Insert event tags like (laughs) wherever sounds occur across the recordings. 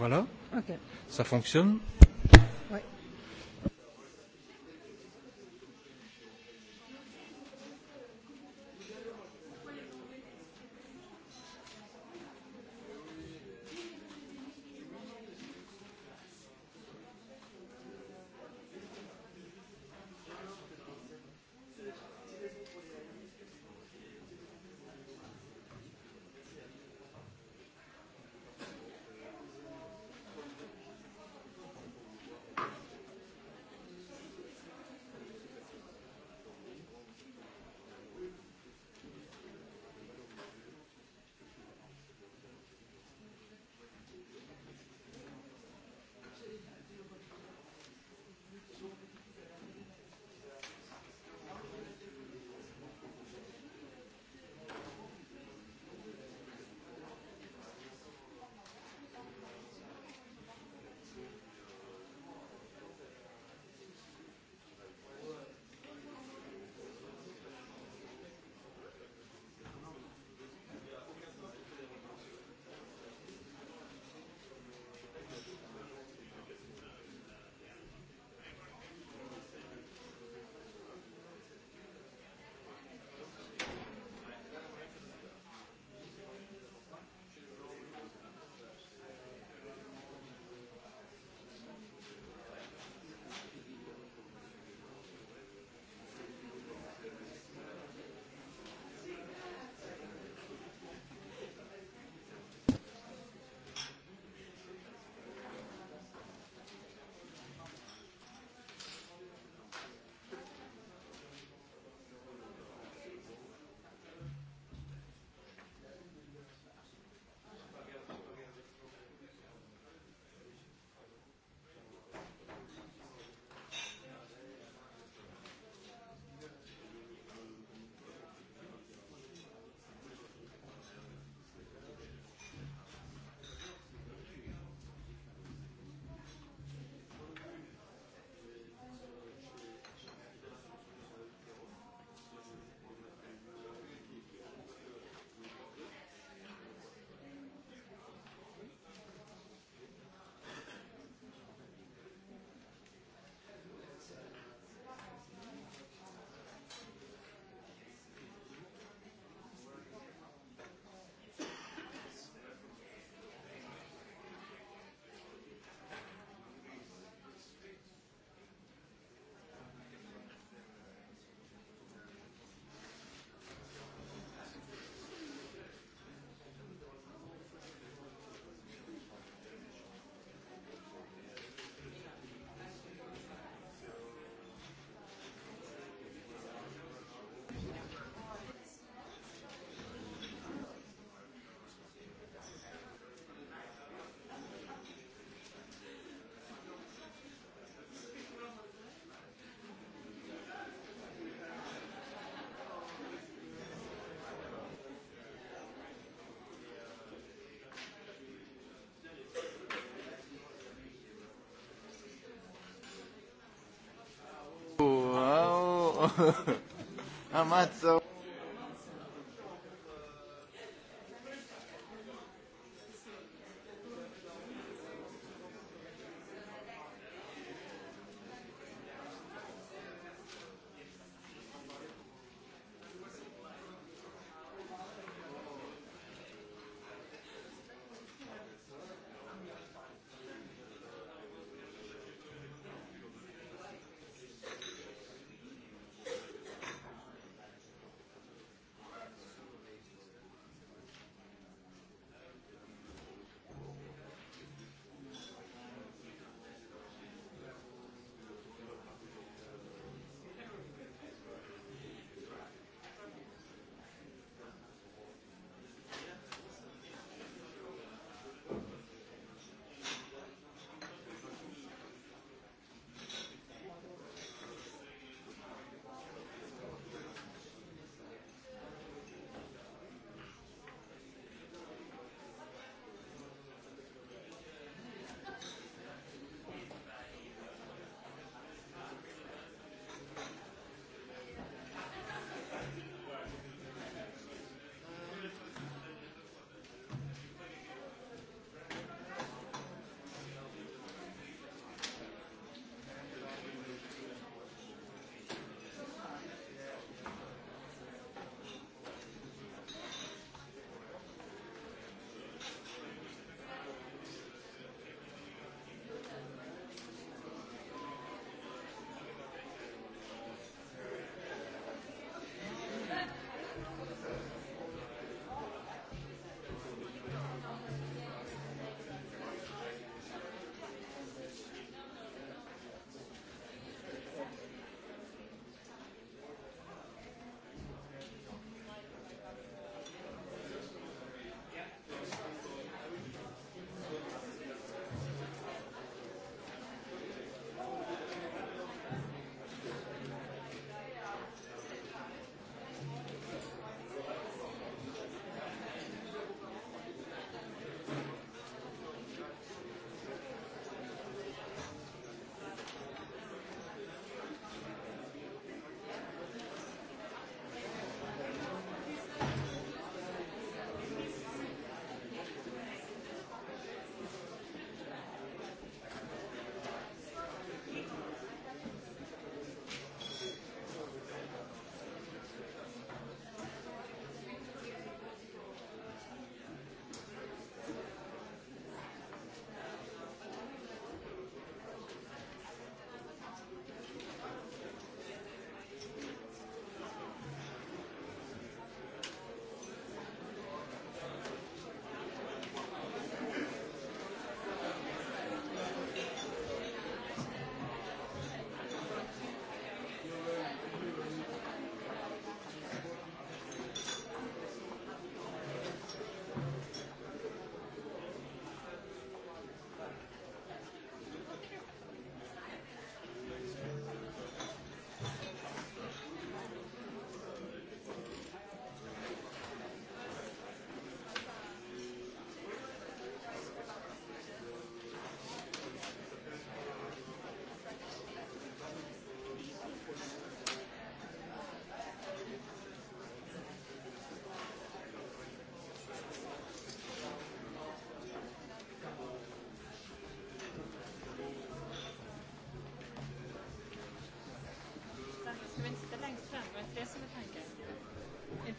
Voilà. Okay. Ça fonctionne ouais. (laughs) Amat, so.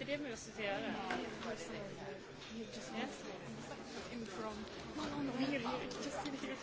inte det med oss att göra? Yes. In from... No, no, no, here, here. Just here.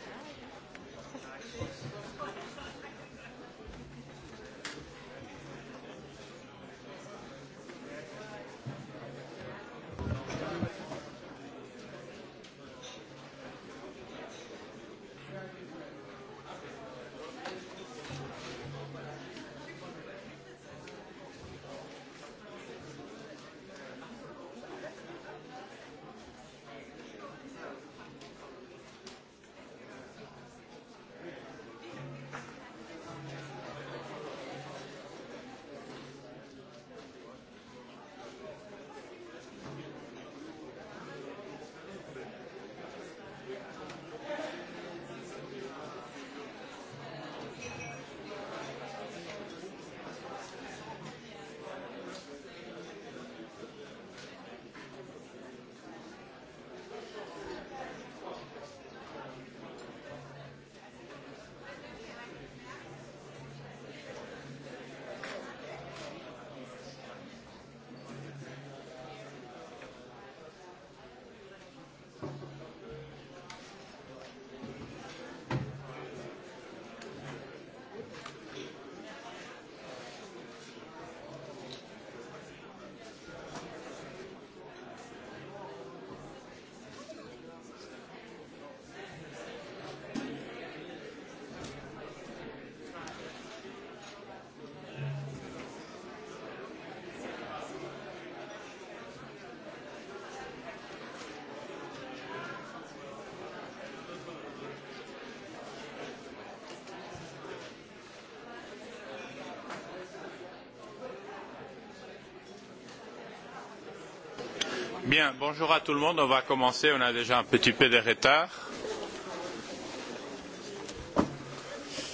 Bien, bonjour à tout le monde. On va commencer. On a déjà un petit peu de retard.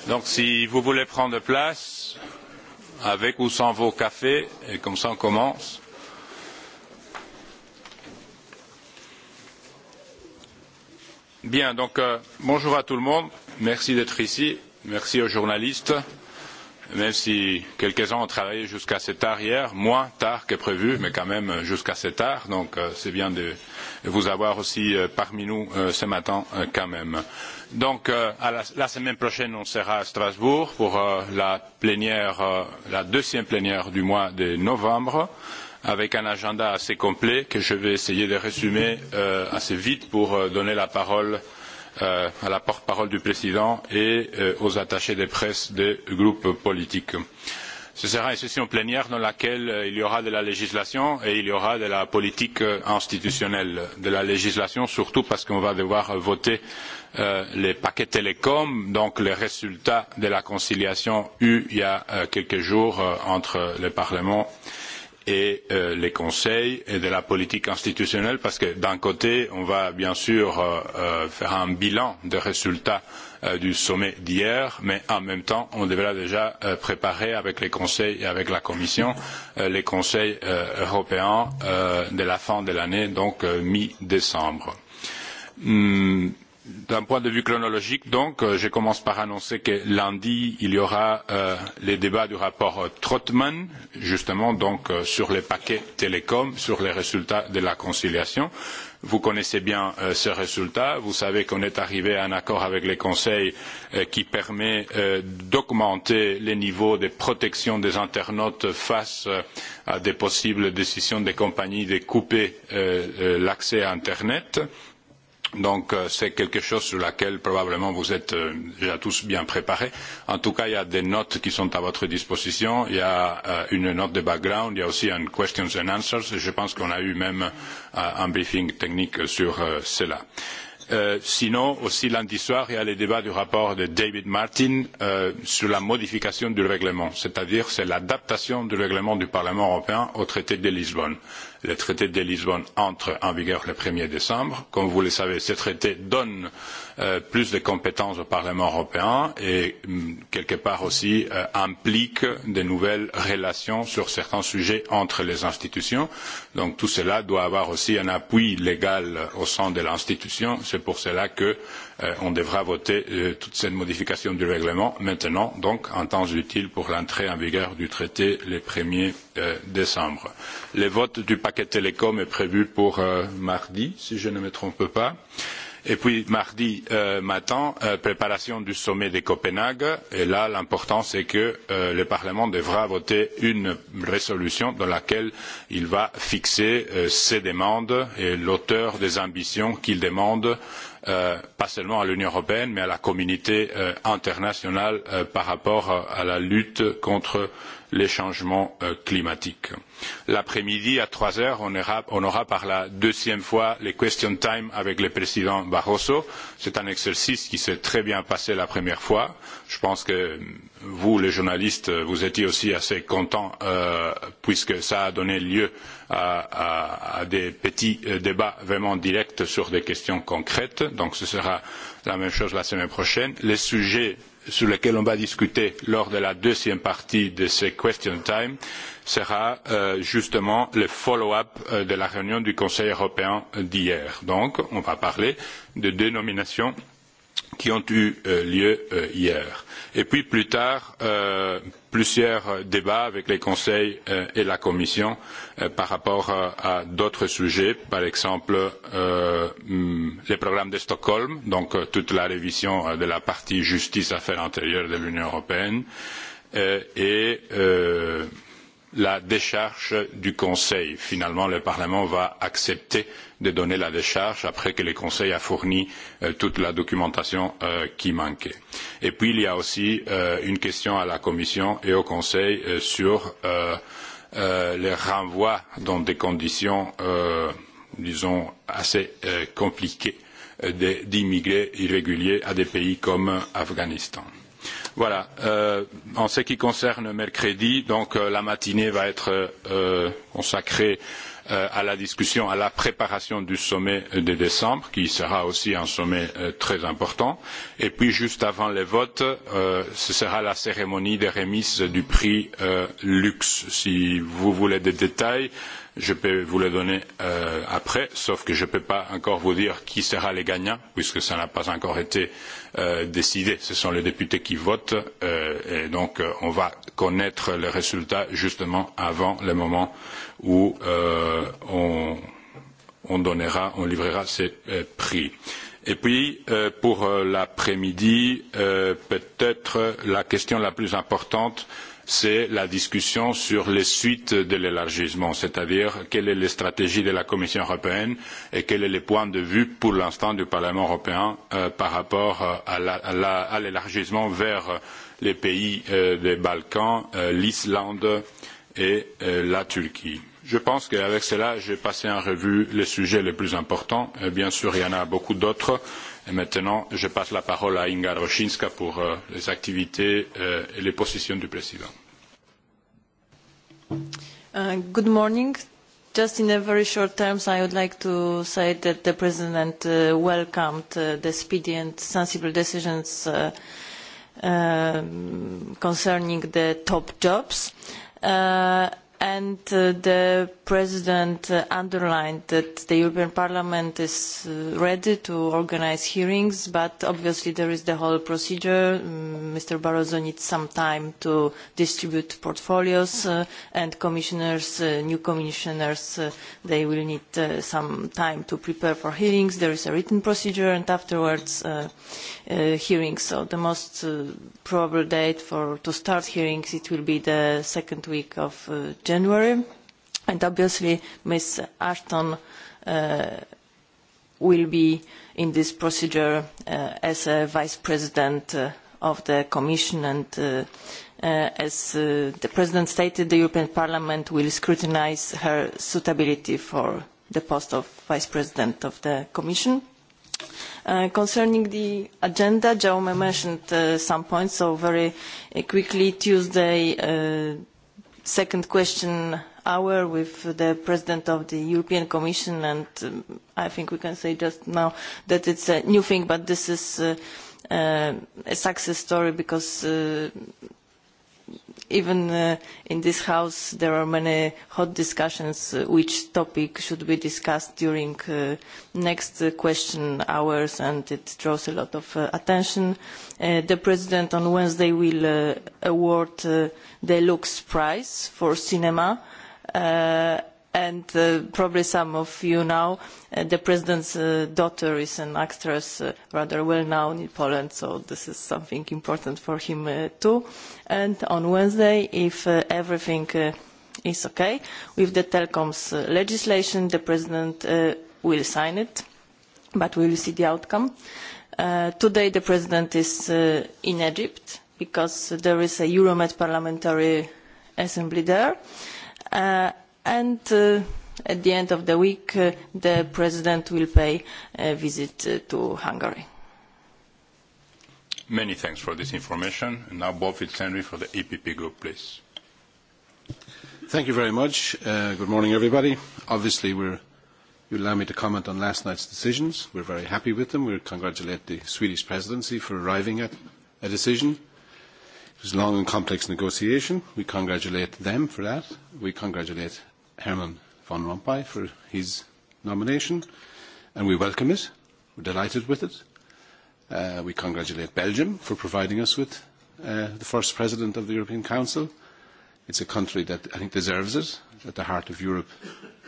Donc, si vous voulez prendre place, avec ou sans vos cafés, et comme ça on commence. Bien, donc euh, bonjour à tout le monde. Merci d'être ici. Merci aux journalistes. Euh, même si quelques-uns ont travaillé jusqu'à assez tard hier, moins tard que prévu, mais quand même euh, jusqu'à assez tard. Donc euh, c'est bien de vous avoir aussi euh, parmi nous euh, ce matin euh, quand même. Donc euh, à la, la semaine prochaine, on sera à Strasbourg pour euh, la plénière, euh, la deuxième plénière du mois de novembre, avec un agenda assez complet que je vais essayer de résumer euh, assez vite pour euh, donner la parole euh, euh, à la porte-parole du président et euh, aux attachés des presse des groupes politiques. Ce sera une session plénière dans laquelle euh, il y aura de la législation et il y aura de la politique euh, institutionnelle. De la législation surtout parce qu'on va devoir voter euh, les paquets télécom, donc les résultats de la conciliation eue il y a euh, quelques jours euh, entre le Parlement et et euh, les conseils et de la politique institutionnelle parce que d'un côté, on va bien sûr euh, euh, faire un bilan des résultats euh, du sommet d'hier, mais en même temps, on devra déjà euh, préparer avec les conseils et avec la Commission euh, les conseils euh, européens euh, de la fin de l'année, donc euh, mi-décembre. Hum, D'un point de vue chronologique, donc, euh, je commence par annoncer que lundi, il y aura euh, les débats du rapport euh, Trottmann, justement, donc, euh, sur les paquets télécom, sur les résultats de la conciliation. Vous connaissez bien euh, ces résultats. Vous savez qu'on est arrivé à un accord avec les conseils euh, qui permet euh, d'augmenter les niveaux de protection des internautes face euh, à des possibles décisions des compagnies de couper euh, euh, l'accès à Internet. Euh, Donc euh, c'est quelque chose sur laquelle probablement vous êtes euh, déjà tous bien préparés. En tout cas, il y a des notes qui sont à votre disposition. Il y a euh, une note de background, il y a aussi un questions and answers. Et je pense qu'on a eu même euh, un briefing technique sur euh, cela. Euh, sinon, aussi lundi soir, il y a le débat du rapport de David Martin euh, sur la modification du règlement, c'est-à-dire c'est l'adaptation du règlement du Parlement européen au traité de Lisbonne Le traité de Lisbonne entre en vigueur le 1er décembre. Comme vous le savez, ce traité donne euh, plus de compétences au Parlement européen et mm, quelque part aussi euh, implique de nouvelles relations sur certains sujets entre les institutions. Donc tout cela doit avoir aussi un appui légal au sein de l'institution. C'est pour cela que euh, on devra voter euh, toute cette modification du règlement maintenant, donc en temps utile pour l'entrée en vigueur du traité le 1er euh, décembre. Le vote du paquet télécom est prévu pour euh, mardi, si je ne me trompe pas. Et puis mardi euh, matin, euh, préparation du sommet de Copenhague. Et là, l'important, c'est que euh, le Parlement devra voter une résolution dans laquelle il va fixer euh, ses demandes et l'auteur des ambitions qu'il demande euh, euh, pas seulement à l'Union européenne, mais à la communauté euh, internationale euh, par rapport à, à la lutte contre les changements euh, climatiques. L'après-midi, à 3 heures, on aura, on aura par la deuxième fois les question time avec le président Barroso. C'est un exercice qui s'est très bien passé la première fois. Je pense que mm, vous, les journalistes, vous étiez aussi assez contents euh, puisque ça a donné lieu à, à, à des petits euh, débats vraiment directs sur des questions concrètes. Donc ce sera la même chose la semaine prochaine. Les sujets sur lequel on va discuter lors de la deuxième partie de ce question time sera euh, justement le follow-up euh, de la réunion du Conseil européen d'hier. Donc, on va parler de dénomination qui ont eu euh, lieu euh, hier. Et puis plus tard, euh, plusieurs débats avec les conseils euh, et la commission euh, par rapport euh, à d'autres sujets, par exemple euh, hmm, les programmes de Stockholm, donc euh, toute la révision euh, de la partie justice affaires intérieures de l'Union européenne, euh, et euh, la décharge du Conseil. Finalement, le Parlement va accepter de donner la décharge après que le Conseil a fourni euh, toute la documentation euh, qui manquait. Et puis, il y a aussi euh, une question à la Commission et au Conseil euh, sur euh, euh, les renvois dans des conditions, euh, disons, assez euh, compliquées euh, d'immigrés irréguliers à des pays comme Afghanistan. Euh, Voilà. Euh, en ce qui concerne mercredi, donc euh, la matinée va être euh, consacrée euh, à la discussion, à la préparation du sommet de décembre, qui sera aussi un sommet euh, très important. Et puis, juste avant les votes, euh, ce sera la cérémonie de remise du prix euh, Lux. Si vous voulez des détails, euh, Je peux vous le donner euh, après, sauf que je ne peux pas encore vous dire qui sera les gagnants, puisque ça n'a pas encore été euh, décidé. Ce sont les députés qui votent, euh, et donc euh, on va connaître les résultats justement avant le moment où euh, on, on donnera, on livrera ces euh, prix. Et puis, euh, pour euh, l'après-midi, euh, peut-être la question la plus importante, euh, c'est la discussion sur les suites de l'élargissement, c'est-à-dire quelle est la stratégie de la Commission européenne et quel est le point de vue pour l'instant du Parlement européen euh, par rapport euh, à l'élargissement vers euh, les pays euh, des Balkans, euh, l'Islande et euh, la Turquie. Je pense qu'avec cela, j'ai passé en revue les sujets les plus importants. Et euh, bien sûr, il y en a beaucoup d'autres. Euh, Et maintenant, je passe la parole à Inga Roshinska pour euh, les activités euh, et les positions du président. Uh, good morning. Just in a very short terms, I would like to say that the President uh, welcomed uh, the speedy and sensible decisions uh, uh, concerning the top jobs. Uh, and uh, the president uh, underlined that the european parliament is uh, ready to organize hearings but obviously there is the whole procedure um, mm, mr barroso needs some time to distribute portfolios uh, and commissioners uh, new commissioners uh, they will need uh, some time to prepare for hearings there is a written procedure and afterwards uh, uh, hearings so the most uh, probable date for to start hearings it will be the second week of uh, January January. And obviously, Ms. Ashton uh, will be in this procedure uh, as a vice president uh, of the Commission and uh, Uh, as uh, the president stated the european parliament will scrutinise her suitability for the post of vice president of the commission. Uh, concerning the agenda jaume mentioned uh, some points so very uh, quickly tuesday uh, second question hour with the president of the European Commission, and um, I think we can say just now that it's a new thing, but this is uh, uh, a success story because uh, even uh, in this house there are many hot discussions uh, which topic should be discussed during uh, next uh, question hours and it draws a lot of uh, attention. Uh, the President on Wednesday will uh, award uh, the Lux Prize for cinema uh, and uh, probably some of you know uh, the president's uh, daughter is an actress uh, rather well known in Poland, so this is something important for him uh, too. And on Wednesday, if uh, everything uh, is okay with the telecoms uh, legislation, the president uh, will sign it, but we will see the outcome. Uh, today, the president is uh, in Egypt because there is a Euromed parliamentary assembly there. Uh, and uh, at the end of the week uh, the president will pay a visit uh, to Hungary. Many thanks for this information. And now Bob Fitzhenry for the EPP group, please. Thank you very much. Uh, good morning, everybody. Obviously, we're, you allow me to comment on last night's decisions. We're very happy with them. We congratulate the Swedish presidency for arriving at a decision. It was a long and complex negotiation. We congratulate them for that. We congratulate Herman Van Rompuy for his nomination, and we welcome it. We're delighted with it. Uh, we congratulate Belgium for providing us with uh, the first president of the European Council. It's a country that I think deserves it, at the heart of Europe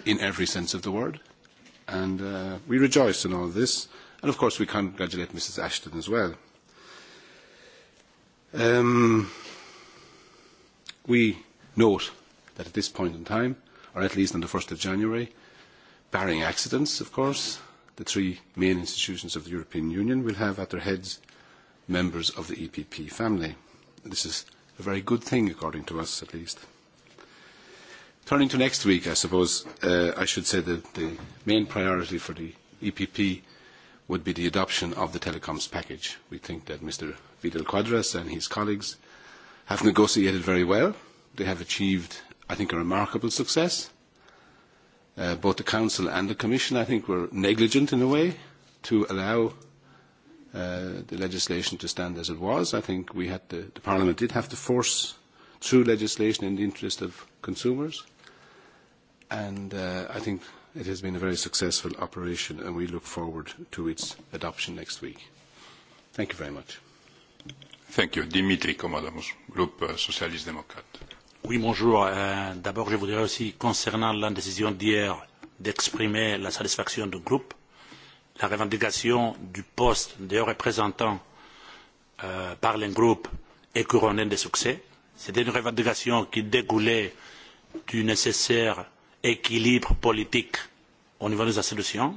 in every sense of the word. And uh, we rejoice in all of this. And of course, we congratulate Mrs. Ashton as well. Um, we note that at this point in time, uh, or at least on the 1st of January, barring accidents, of course. The three main institutions of the European Union will have at their heads members of the EPP family. This is a very good thing, according to us at least. Turning to next week, I suppose uh, I should say that the main priority for the EPP would be the adoption of the telecoms package. We think that Mr. Vidal Quadras and his colleagues have negotiated very well. They have achieved I think, a remarkable success. Uh, both the Council and the Commission, I think, were negligent in a way to allow uh, the legislation to stand as it was. I think we had to, the Parliament did have to force through legislation in the interest of consumers. And uh, I think it has been a very successful operation, and we look forward to its adoption next week. Thank you very much. Thank you. Dimitri Komadamos, Group uh, Socialist Democrat. Oui, bonjour. Euh, D'abord, je voudrais aussi, concernant la décision d'hier d'exprimer la satisfaction du groupe, la revendication du poste de représentant euh, par le groupe est couronnée de succès. C'était une revendication qui découlait du nécessaire équilibre politique au niveau des institutions.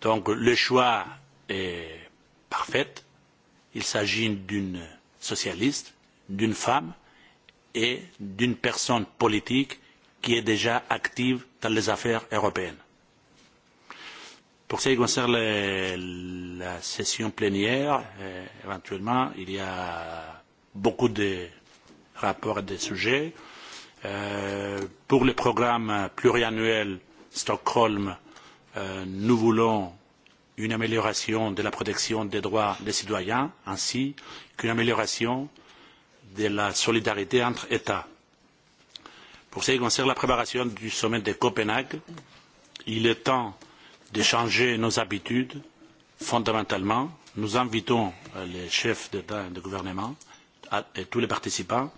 Donc le choix est parfait. Il s'agit d'une socialiste, d'une femme, et d'une personne politique qui est déjà active dans les affaires européennes. Pour ce qui concerne le, la session plénière, euh, éventuellement, il y a beaucoup de rapports et de sujets. Euh, pour le programme pluriannuel Stockholm, euh, nous voulons une amélioration de la protection des droits des citoyens, ainsi qu'une amélioration euh, de la solidarité entre États. Pour ce qui concerne la préparation du sommet de Copenhague, il est temps de changer nos habitudes fondamentalement. Nous invitons euh, les chefs d'État et de gouvernement et tous les participants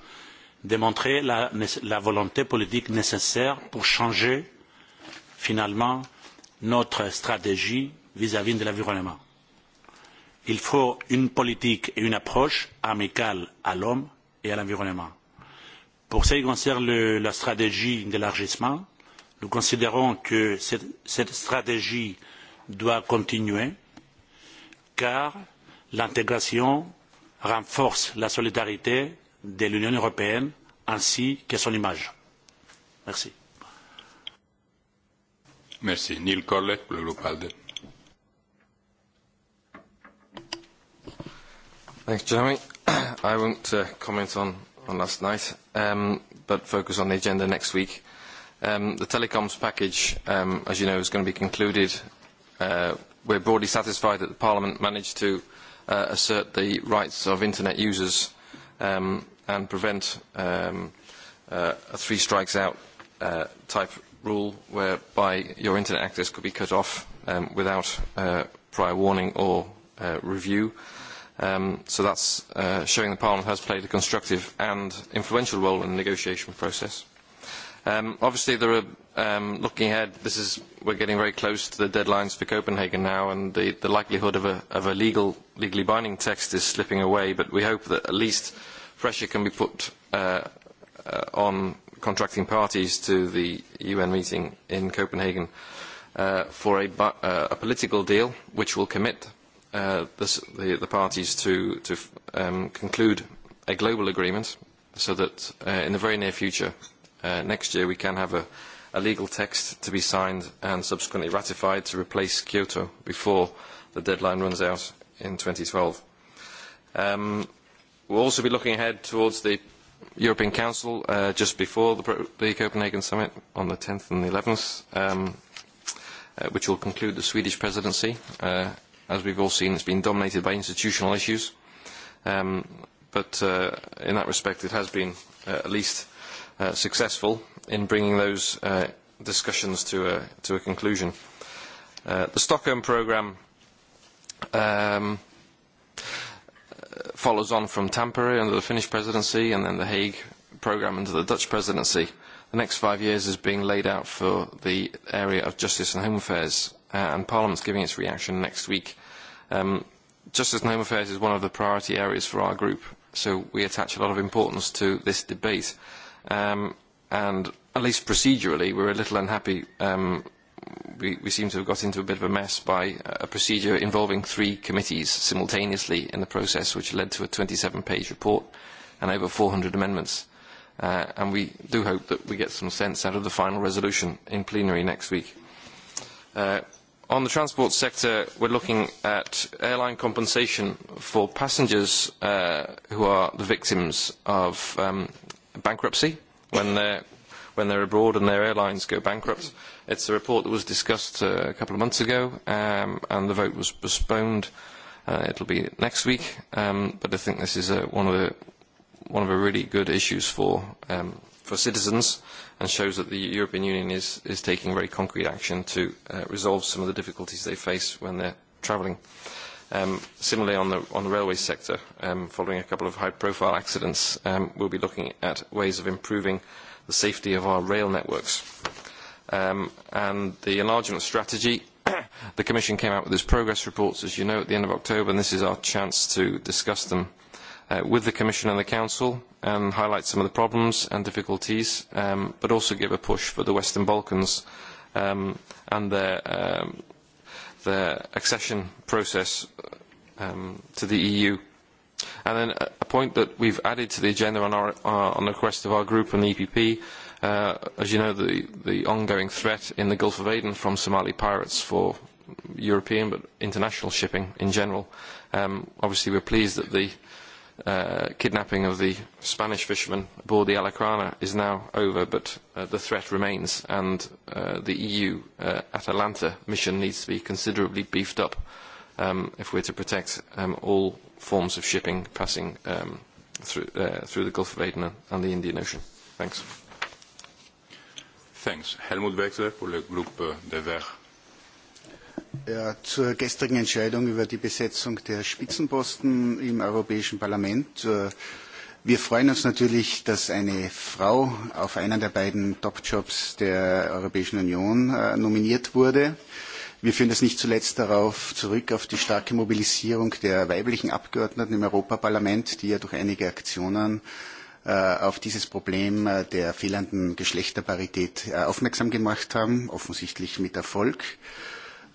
de montrer la, la volonté politique nécessaire pour changer finalement notre stratégie vis-à-vis -vis de l'environnement. Il faut une politique et une approche amicale à l'homme et à l'environnement. Pour ce qui concerne le, la stratégie d'élargissement, nous considérons que cette, cette stratégie doit continuer car l'intégration renforce la solidarité de l'Union européenne ainsi que son image. Merci. Merci. Neil Corlett pour le groupe ALDE. Thanks, Jeremy. I won't uh, comment on, on last night, um, but focus on the agenda next week. Um, the telecoms package, um, as you know, is going to be concluded. Uh, we're broadly satisfied that the Parliament managed to uh, assert the rights of Internet users um, and prevent um, uh, a three strikes out uh, type rule whereby your Internet access could be cut off um, without uh, prior warning or uh, review. Uh, Um, so that's uh, showing that Parliament has played a constructive and influential role in the negotiation process. Um, obviously, there are, um, looking ahead, this is, we're getting very close to the deadlines for Copenhagen now, and the, the likelihood of a, of a legal, legally binding text is slipping away, but we hope that at least pressure can be put uh, uh, on contracting parties to the UN meeting in Copenhagen uh, for a, uh, a political deal which will commit uh, this, the, the parties to, to um, conclude a global agreement so that uh, in the very near future, uh, next year, we can have a, a legal text to be signed and subsequently ratified to replace Kyoto before the deadline runs out in 2012. Um, we'll also be looking ahead towards the European Council uh, just before the, the Copenhagen Summit on the 10th and the 11th, um, uh, which will conclude the Swedish presidency. Uh, As we've all seen, it's been dominated by institutional issues. Um, but uh, in that respect, it has been uh, at least uh, successful in bringing those uh, discussions to a, to a conclusion. Uh, the Stockholm programme um, follows on from Tampere under the Finnish presidency and then the Hague programme under the Dutch presidency. The next five years is being laid out for the area of justice and home affairs uh, and Parliament's giving its reaction next week. Um, Justice and Home Affairs is one of the priority areas for our group, so we attach a lot of importance to this debate. Um, and at least procedurally, we're a little unhappy. Um, we, we seem to have got into a bit of a mess by a procedure involving three committees simultaneously in the process, which led to a 27-page report and over 400 amendments. Uh, and we do hope that we get some sense out of the final resolution in plenary next week. Uh, on the transport sector, we're looking at airline compensation for passengers uh, who are the victims of um, bankruptcy when they're, when they're abroad and their airlines go bankrupt. It's a report that was discussed uh, a couple of months ago, um, and the vote was postponed. Uh, it'll be next week, um, but I think this is a, uh, one of the one of the really good issues for um, for citizens and shows that the European Union is, is taking very concrete action to uh, resolve some of the difficulties they face when they're travelling. Um, similarly, on the, on the railway sector, um, following a couple of high-profile accidents, um, we'll be looking at ways of improving the safety of our rail networks. Um, and the enlargement strategy, (coughs) the Commission came out with its progress reports, as you know, at the end of October, and this is our chance to discuss them uh, uh, with the Commission and the Council, um, highlight some of the problems and difficulties, um, but also give a push for the Western Balkans um, and their, um, their accession process um, to the EU. And then a, a point that we've added to the agenda on, our, uh, on the request of our group and the EPP, uh, as you know, the, the ongoing threat in the Gulf of Aden from Somali pirates for European but international shipping in general. Um, obviously, we're pleased that the uh, uh, kidnapping of the Spanish fishermen aboard the Alacrana is now over, but uh, the threat remains, and uh, the EU uh, Atalanta mission needs to be considerably beefed up um, if we're to protect um, all forms of shipping passing um, through, uh, through the Gulf of Aden and the Indian Ocean. Thanks. Thanks. Helmut Wechsler pour le groupe des Verts. Ja, zur gestrigen Entscheidung über die Besetzung der Spitzenposten im Europäischen Parlament. Äh, wir freuen uns natürlich, dass eine Frau auf einen der beiden Top-Jobs der Europäischen Union äh, nominiert wurde. Wir führen das nicht zuletzt darauf zurück, auf die starke Mobilisierung der weiblichen Abgeordneten im Europaparlament, die ja durch einige Aktionen äh, auf dieses Problem der fehlenden Geschlechterparität aufmerksam gemacht haben, offensichtlich mit Erfolg. Äh,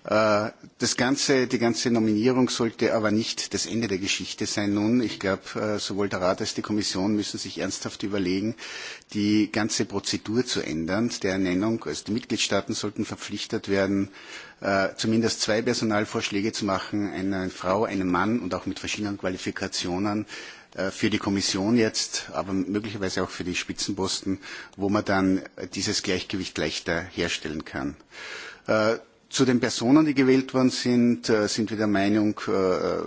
Äh, das ganze, die ganze Nominierung sollte aber nicht das Ende der Geschichte sein. Nun, ich glaube, äh, sowohl der Rat als die Kommission müssen sich ernsthaft überlegen, die ganze Prozedur zu ändern, der Ernennung. Also die Mitgliedstaaten sollten verpflichtet werden, äh, zumindest zwei Personalvorschläge zu machen, eine Frau, einen Mann und auch mit verschiedenen Qualifikationen für die Kommission jetzt, aber möglicherweise auch für die Spitzenposten, wo man dann dieses Gleichgewicht leichter herstellen kann. Zu den Personen, die gewählt worden sind, äh, sind wir der Meinung, äh, äh,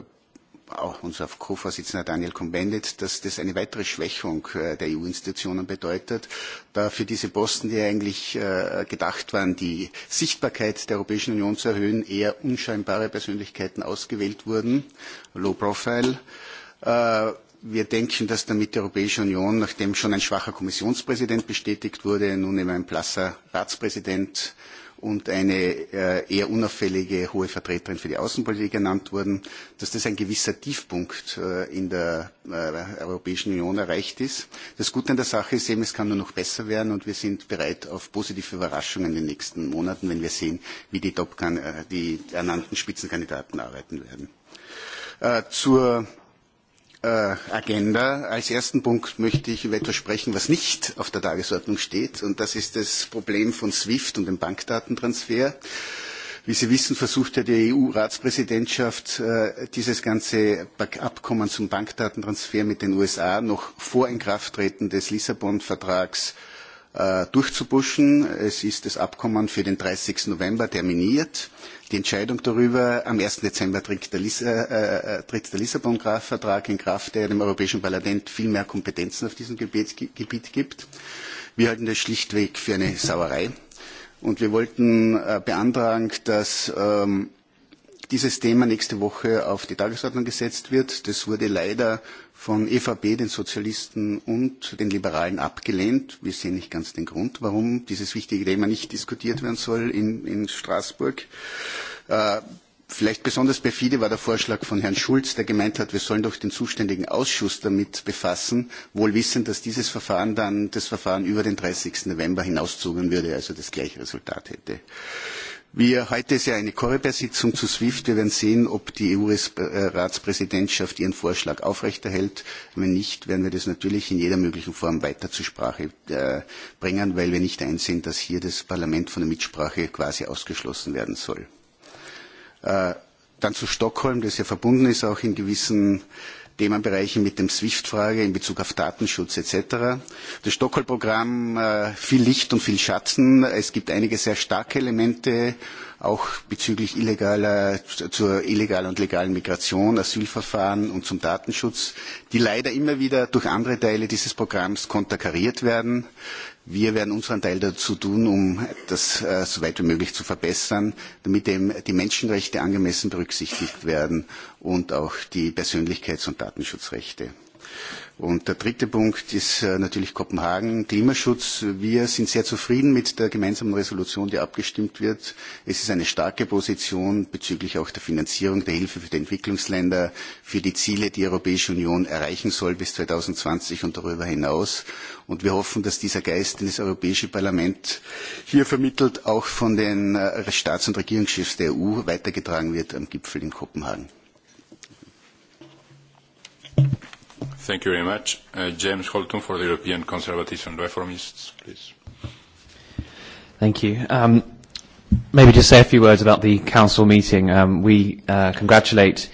auch unser Co-Vorsitzender Daniel Combendit, dass das eine weitere Schwächung der EU-Institutionen bedeutet, da für diese Posten, die eigentlich gedacht waren, die Sichtbarkeit der Europäischen Union zu erhöhen, eher unscheinbare Persönlichkeiten ausgewählt wurden, low profile. Wir denken, dass damit die Europäische Union, nachdem schon ein schwacher Kommissionspräsident bestätigt wurde, nun eben ein blasser Ratspräsident äh, und eine äh, eher unauffällige hohe Vertreterin für die Außenpolitik ernannt wurden, dass das ein gewisser Tiefpunkt äh, in der äh, Europäischen Union erreicht ist. Das Gute an der Sache ist eben, es kann nur noch besser werden und wir sind bereit auf positive Überraschungen in den nächsten Monaten, wenn wir sehen, wie die, Top äh, die ernannten Spitzenkandidaten arbeiten werden. Äh, zur äh, Agenda. Als ersten Punkt möchte ich über etwas sprechen, was nicht auf der Tagesordnung steht, und das ist das Problem von SWIFT und dem Bankdatentransfer. Wie Sie wissen, versucht ja die EU-Ratspräsidentschaft, äh, dieses ganze Abkommen zum Bankdatentransfer mit den USA noch vor Inkrafttreten des Lissabon-Vertrags Äh, durchzupuschen. Es ist das Abkommen für den 30. November terminiert. Die Entscheidung darüber, am 1. Dezember tritt der, Liss äh, äh, tritt der Lissabon-Vertrag in Kraft, der dem Europäischen Parlament viel mehr Kompetenzen auf diesem Gebiet, Gebiet gibt. Wir halten das schlichtweg für eine Sauerei. Und wir wollten äh, beantragen, dass ähm, dieses Thema nächste Woche auf die Tagesordnung gesetzt wird. Das wurde leider von EVP, den Sozialisten und den Liberalen abgelehnt. Wir sehen nicht ganz den Grund, warum dieses wichtige Thema nicht diskutiert werden soll in, in Straßburg. Äh, vielleicht besonders perfide war der Vorschlag von Herrn Schulz, der gemeint hat, wir sollen doch den zuständigen Ausschuss damit befassen, wohl wissend, dass dieses Verfahren dann das Verfahren über den 30. November hinauszögern würde, also das gleiche Resultat hätte. Äh, Wir, heute ist ja eine Korrepersitzung zu SWIFT. Wir werden sehen, ob die EU-Ratspräsidentschaft äh, ihren Vorschlag aufrechterhält. Wenn nicht, werden wir das natürlich in jeder möglichen Form weiter zur Sprache äh, bringen, weil wir nicht einsehen, dass hier das Parlament von der Mitsprache quasi ausgeschlossen werden soll. Äh, dann zu Stockholm, das ja verbunden ist auch in gewissen äh, Themenbereichen mit dem SWIFT-Frage in Bezug auf Datenschutz etc. Das Stockholm-Programm äh, viel Licht und viel Schatten. Es gibt einige sehr starke Elemente, auch bezüglich illegaler, zur illegalen und legalen Migration, Asylverfahren und zum Datenschutz, die leider immer wieder durch andere Teile dieses Programms konterkariert werden. Wir werden unseren Teil dazu tun, um das äh, so weit wie möglich zu verbessern, damit eben die Menschenrechte angemessen berücksichtigt werden und auch die Persönlichkeits- und Datenschutzrechte. Und der dritte Punkt ist äh, natürlich Kopenhagen. Klimaschutz. Wir sind sehr zufrieden mit der gemeinsamen Resolution, die abgestimmt wird. Es ist eine starke Position bezüglich auch der Finanzierung der Hilfe für die Entwicklungsländer, für die Ziele, die die Europäische Union erreichen soll bis 2020 und darüber hinaus. Und wir hoffen, dass dieser Geist, den das Europäische Parlament hier vermittelt, auch von den äh, Staats- und Regierungschefs der EU weitergetragen wird am Gipfel in Kopenhagen. Thank you very much. Uh, James Holton for the European Conservatives and Reformists, please. Thank you. Um, maybe just say a few words about the council meeting. Um, we uh, congratulate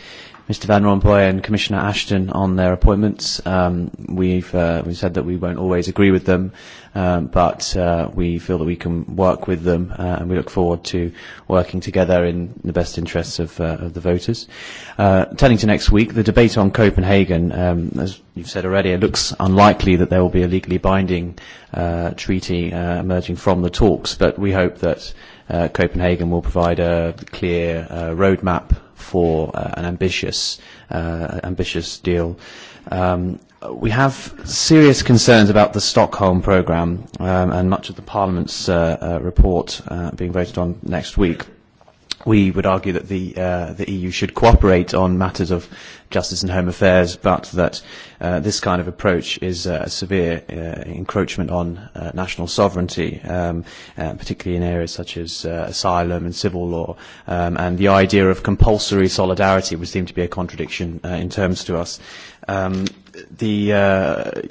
Mr. Van Rompuy and Commissioner Ashton on their appointments. Um, we've, uh, we've said that we won't always agree with them, um, but uh, we feel that we can work with them uh, and we look forward to working together in the best interests of, uh, of the voters. Uh, turning to next week, the debate on Copenhagen, um, as you've said already, it looks unlikely that there will be a legally binding uh, treaty uh, emerging from the talks, but we hope that uh, Copenhagen will provide a clear uh, roadmap for uh, an ambitious, uh, ambitious deal. Um, we have serious concerns about the Stockholm programme um, and much of the Parliament's uh, uh, report uh, being voted on next week. We would argue that the, uh, the EU should cooperate on matters of justice and home affairs, but that uh, this kind of approach is uh, a severe uh, encroachment on uh, national sovereignty, um, uh, particularly in areas such as uh, asylum and civil law. Um, and the idea of compulsory solidarity would seem to be a contradiction uh, in terms to us. Um, the uh,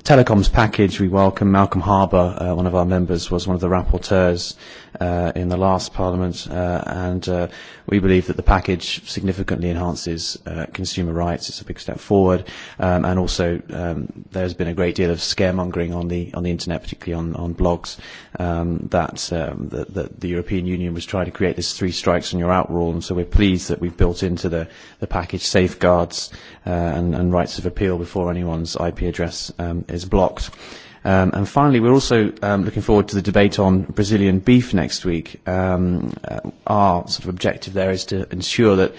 telecoms package we welcome. Malcolm Harbour, uh, one of our members, was one of the rapporteurs uh, in the last Parliament, uh, and uh, we believe that the package significantly enhances uh, consumer rights. It's a big step forward, um, and also um, there's been a great deal of scaremongering on the on the internet, particularly on on blogs, um, that, um, that that the European Union was trying to create this three strikes and you're out rule, and so we're pleased that we've built into the the package safeguards uh, and, and rights of appeal before anyone's IP address um, is blocked. Uh, Um, and finally, we're also um, looking forward to the debate on Brazilian beef next week. Um, uh, our sort of objective there is to ensure that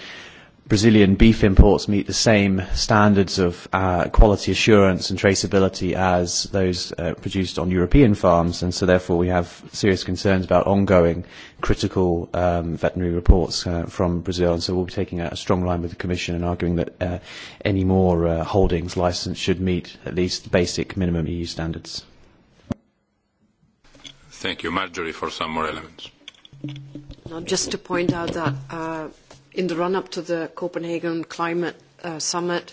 Brazilian beef imports meet the same standards of uh, quality assurance and traceability as those uh, produced on European farms, and so therefore we have serious concerns about ongoing critical um, veterinary reports uh, from Brazil, and so we'll be taking a, a strong line with the Commission and arguing that uh, any more uh, holdings licensed should meet at least the basic minimum EU standards. Thank you. Marjorie, for some more elements. Just to point out that uh, in the run-up to the Copenhagen Climate uh, Summit,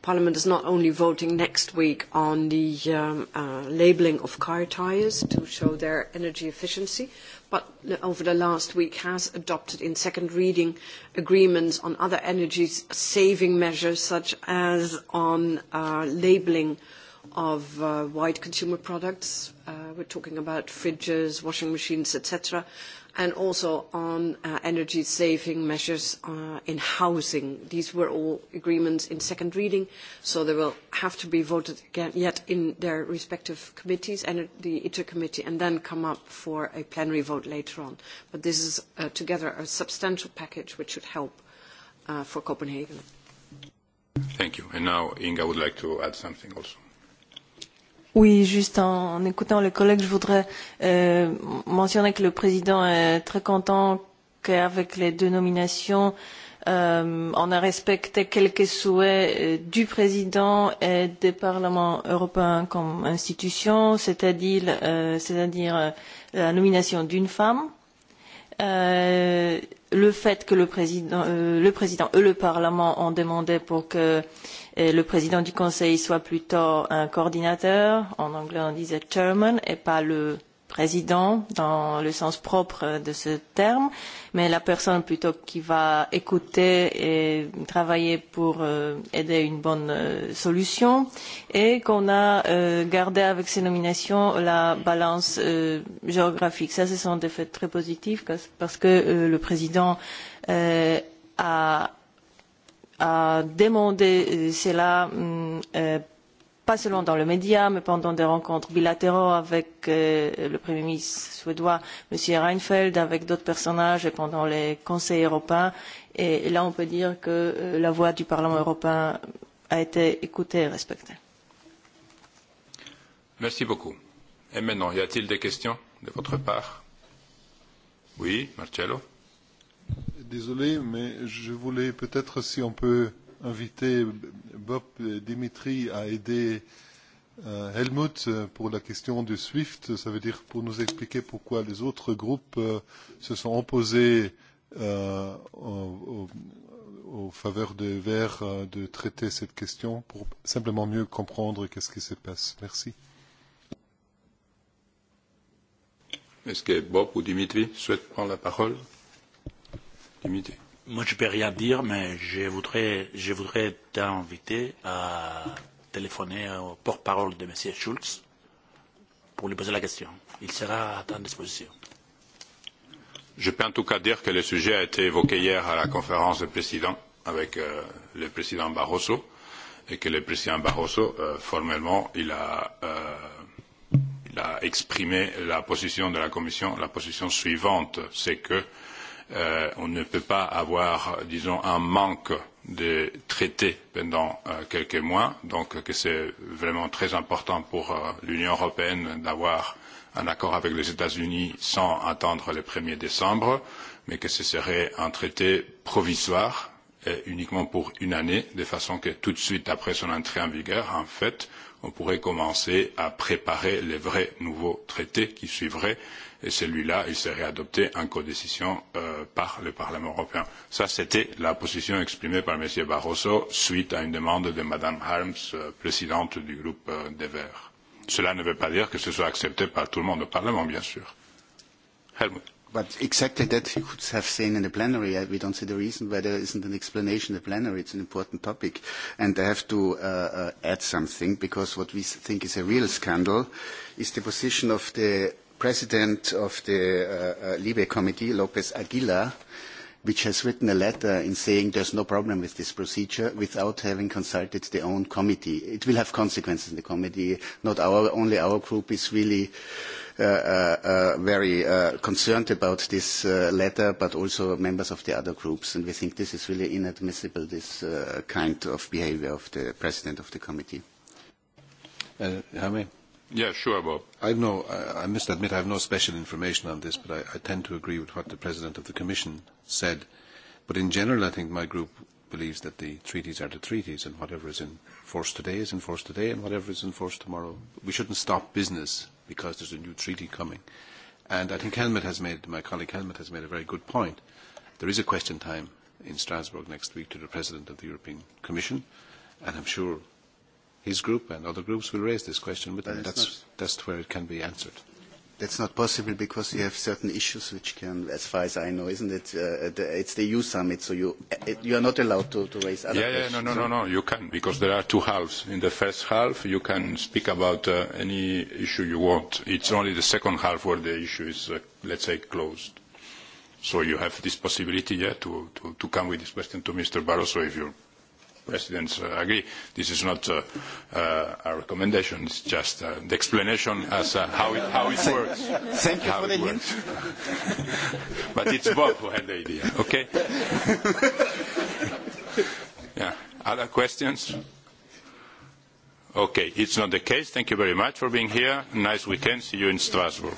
Parliament is not only voting next week on the um, uh, labelling of car tyres to show their energy efficiency, but over the last week has adopted in second reading agreements on other energy saving measures such as on uh, labelling of uh, white consumer products. Uh, we're talking about fridges, washing machines, etc and also on uh, energy saving measures uh, in housing. These were all agreements in second reading, so they will have to be voted again yet in their respective committees and the ITER committee and then come up for a plenary vote later on. But this is uh, together a substantial package which should help uh, for Copenhagen. Thank you. And now Inga would like to add something also. Oui, juste en, en écoutant les collègues, je voudrais euh, mentionner que le président est très content qu'avec les deux nominations, euh, on a respecté quelques souhaits euh, du président et des parlements européens comme institution, c'est-à-dire euh, c'est-à-dire euh, la nomination d'une femme. Euh, le fait que le président, euh, le président et le Parlement ont demandé pour que euh, le président du Conseil soit plutôt un coordinateur, en anglais on disait chairman, et pas le président dans le sens propre de ce terme, mais la personne plutôt qui va écouter et travailler pour euh, aider une bonne euh, solution et qu'on a euh, gardé avec ces nominations la balance euh, géographique. Ça, ce sont des faits très positifs parce que euh, le président euh, a a demandé euh, cela mm, euh, pas seulement dans les médias mais pendant des rencontres bilatérales avec euh, le premier ministre suédois m. reinfeldt avec d'autres personnages et pendant les conseils européens et, et là on peut dire que euh, la voix du parlement européen a été écoutée et respectée. merci beaucoup. et maintenant y a t il des questions de votre part? oui marcello? désolé, mais je voulais peut-être si on peut inviter Bob Dimitri à aider euh, Helmut pour la question de SWIFT. Ça veut dire pour nous expliquer pourquoi les autres groupes euh, se sont opposés euh, au, au, au faveur des Verts euh, de traiter cette question pour simplement mieux comprendre qu'est-ce qui se passe. Merci. Est-ce que Bob ou Dimitri souhaitent prendre la parole limitée. Moi, je ne peux rien dire, mais je voudrais, je voudrais t'inviter à téléphoner au porte-parole de M. Schulz pour lui poser la question. Il sera à ta disposition. Je peux en tout cas dire que le sujet a été évoqué hier à la conférence des présidents avec euh, le président Barroso et que le président Barroso, euh, formellement, il a, euh, il a exprimé la position de la Commission. La position suivante, c'est que euh, euh, on ne peut pas avoir, disons, un manque de traités pendant euh, quelques mois, donc que c'est vraiment très important pour euh, l'Union européenne d'avoir un accord avec les États-Unis sans attendre le 1er décembre, mais que ce serait un traité provisoire et uniquement pour une année, de façon que tout de suite après son entrée en vigueur, en fait, on pourrait commencer à préparer les vrais nouveaux traités qui suivraient. Et celui-là, il serait adopté en codécision euh, par le Parlement européen. Ça, c'était la position exprimée par M. Barroso suite à une demande de Mme Harms, euh, présidente du groupe euh, des Verts. Cela ne veut pas dire que ce soit accepté par tout le monde au Parlement, bien sûr. Helmut. But exactly that you could have seen in the plenary. We don't see the reason why there isn't an explanation in the plenary. It's an important topic. And I have to uh, uh, add something, because what we think is a real scandal is the position of the president of the uh, uh, Libe Committee, Lopez Aguila, which has written a letter in saying there's no problem with this procedure without having consulted their own committee. It will have consequences in the committee. Not our, only our group is really uh, Uh, uh, uh, very uh, concerned about this uh, letter, but also members of the other groups, and we think this is really inadmissible, this uh, kind of behavior of the president of the committee. Uh, Jaime? Yeah, sure, Bob. I know. I, I must admit I have no special information on this, but I, I tend to agree with what the president of the Commission said. But in general, I think my group believes that the treaties are the treaties and whatever is in force today is in force today and whatever is in force tomorrow. We shouldn't stop business because there's a new treaty coming. And I think Helmut has made, my colleague Helmut has made a very good point. There is a question time in Strasbourg next week to the President of the European Commission and I'm sure his group and other groups will raise this question, but that's, that's, that's where it can be answered that's not possible because you have certain issues which can, as far as I know, isn't it? Uh, the, it's the EU summit, so you it, you are not allowed to, to raise other yeah, questions. Yeah, no, no, no, no, you can, because there are two halves. In the first half, you can speak about uh, any issue you want. It's only the second half where the issue is, uh, let's say, closed. So you have this possibility, yeah, to, to, to come with this question to Mr. Barroso if you're presidents uh, agree. This is not uh, uh, a recommendation, it's just uh, the explanation as uh, how, it, how it works. Thank you how for the works. hint. (laughs) but it's Bob who had the idea, okay? (laughs) yeah. Other questions? Okay, it's not the case. Thank you very much for being here. Nice weekend. See you in Strasbourg.